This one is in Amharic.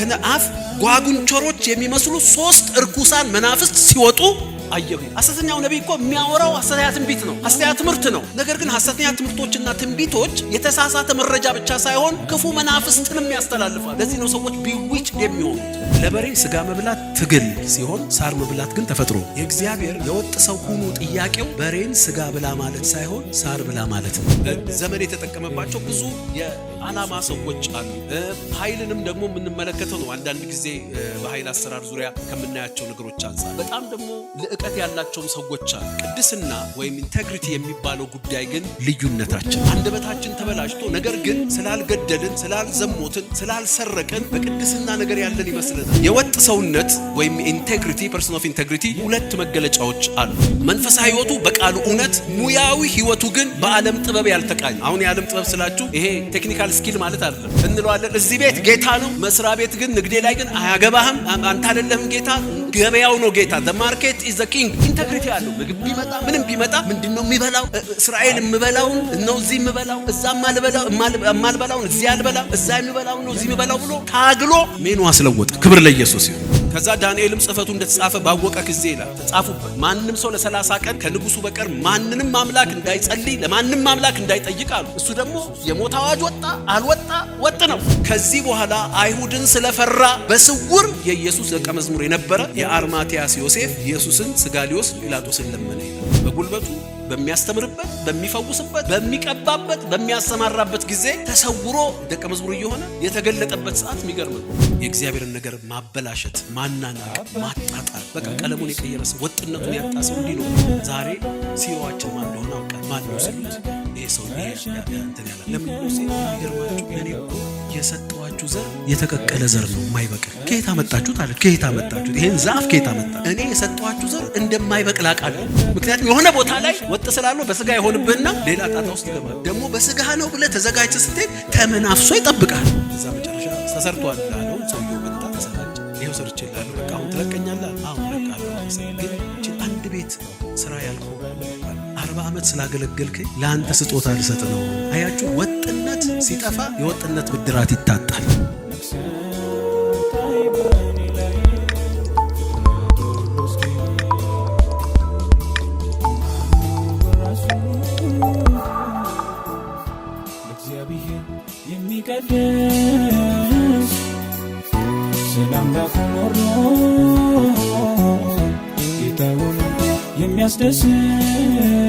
ከነአፍ ጓጉንቸሮች የሚመስሉ ሶስት እርኩሳን መናፍስት ሲወጡ አየሁ። ሐሰተኛው ነቢይ እኮ የሚያወራው ሐሰተኛ ትንቢት ነው፣ ሐሰተኛ ትምህርት ነው። ነገር ግን ሐሰተኛ ትምህርቶችና ትንቢቶች የተሳሳተ መረጃ ብቻ ሳይሆን ክፉ መናፍስትንም ያስተላልፋል። ለዚህ ነው ሰዎች ቢዊች የሚሆኑት። ለበሬ ስጋ መብላት ትግል ሲሆን ሳር መብላት ግን ተፈጥሮ። የእግዚአብሔር የወጥ ሰው ሁኑ ጥያቄው በሬን ስጋ ብላ ማለት ሳይሆን ሳር ብላ ማለት ነው። ዘመን የተጠቀመባቸው ብዙ የዓላማ ሰዎች አሉ። ኃይልንም ደግሞ የምንመለከተው ነው አንዳንድ ጊዜ በኃይል አሰራር ዙሪያ ከምናያቸው ነገሮች አንጻር በጣም ደግሞ እውቀት ያላቸውም ሰዎች አሉ። ቅድስና ወይም ኢንቴግሪቲ የሚባለው ጉዳይ ግን ልዩነታችን፣ አንደበታችን ተበላሽቶ ነገር ግን ስላልገደልን፣ ስላልዘሞትን፣ ስላልሰረቅን በቅድስና ነገር ያለን ይመስልናል። የወጥ ሰውነት ወይም ኢንቴግሪቲ ፐርሰን ኦፍ ኢንቴግሪቲ ሁለት መገለጫዎች አሉ። መንፈሳዊ ህይወቱ በቃሉ እውነት፣ ሙያዊ ህይወቱ ግን በዓለም ጥበብ ያልተቃኝ። አሁን የዓለም ጥበብ ስላችሁ ይሄ ቴክኒካል ስኪል ማለት አይደለም። እንለዋለን እዚህ ቤት ጌታ ነው፣ መስሪያ ቤት ግን ንግዴ ላይ ግን አያገባህም፣ አንተ አይደለህም ጌታ ገበያው ነው ጌታ። ማርኬት ኢዝ ኪንግ ኢንተግሪቲ አለው። ምግብ ቢመጣ ምንም ቢመጣ ምንድነው የሚበላው? እስራኤል የምበላውን ነው እዚህ የምበላው፣ እዛ የማልበላውን እዚህ አልበላ እዛ የምበላውን ነው እዚህ የሚበላው ብሎ ታግሎ ሜኑ አስለወጠ። ክብር ለኢየሱስ ይሁን። ከዛ ዳንኤልም ጽፈቱ እንደተጻፈ ባወቀ ጊዜ ይላል ተጻፉበት። ማንም ሰው ለሰላሳ ቀን ከንጉሱ በቀር ማንንም አምላክ እንዳይጸልይ ለማንም አምላክ እንዳይጠይቅ አሉ። እሱ ደግሞ የሞት አዋጅ ወጣ አልወጣ ወጥ ነው። ከዚህ በኋላ አይሁድን ስለፈራ በስውር የኢየሱስ ደቀ መዝሙር የነበረ የአርማትያስ ዮሴፍ ኢየሱስን ስጋ ሊወስድ ጲላጦስን ለመነ ይላል በጉልበቱ በሚያስተምርበት፣ በሚፈውስበት፣ በሚቀባበት፣ በሚያሰማራበት ጊዜ ተሰውሮ ደቀ መዝሙር እየሆነ የተገለጠበት ሰዓት የሚገርም ነው። የእግዚአብሔርን ነገር ማበላሸት፣ ማናናቅ፣ ማጣጣል በቃ ቀለሙን የቀየረ ሰው ወጥነቱን ያጣ ሰው እንዲኖር ዛሬ ሲዮዋችን ማን እንደሆነ አውቃል። ማን ነው ስሉት ይሄ ሰው ይሄ እንትን ያለ ለምን ሴ የሚገርማችሁ እኔ እኮ የሰጠዋችሁ ዘር የተቀቀለ ዘር ነው የማይበቅል። ከየት አመጣችሁት አለ። ከየት አመጣችሁት ይሄን ዛፍ ከየት አመጣ? እኔ የሰጠዋችሁ ዘር እንደማይበቅል አውቃለሁ። ምክንያቱም የሆነ ቦታ ላይ ወጥ ስላለው በስጋ የሆንብህና ሌላ ጣጣ ውስጥ ይገባል። ደግሞ በስጋ ነው ብለህ ተዘጋጅተህ ስትሄድ ተመናፍሶ ይጠብቃል። እዛ መጨረሻ ተሰርቷል ላለው ሰውዬው መጣ፣ ተዘጋጀ። ይኸው ሰርቼልሃለሁ፣ በቃ አሁን ትለቀኛለህ? አሁን ለቃለሁ። ግን አንድ ቤት ስራ ያልኩህ አርባ ዓመት ስላገለገልከኝ ለአንተ ስጦታ ልሰጥ ነው። አያችሁ፣ ወጥነት ሲጠፋ የወጥነት ብድራት ይታጣል። የሚያስደስት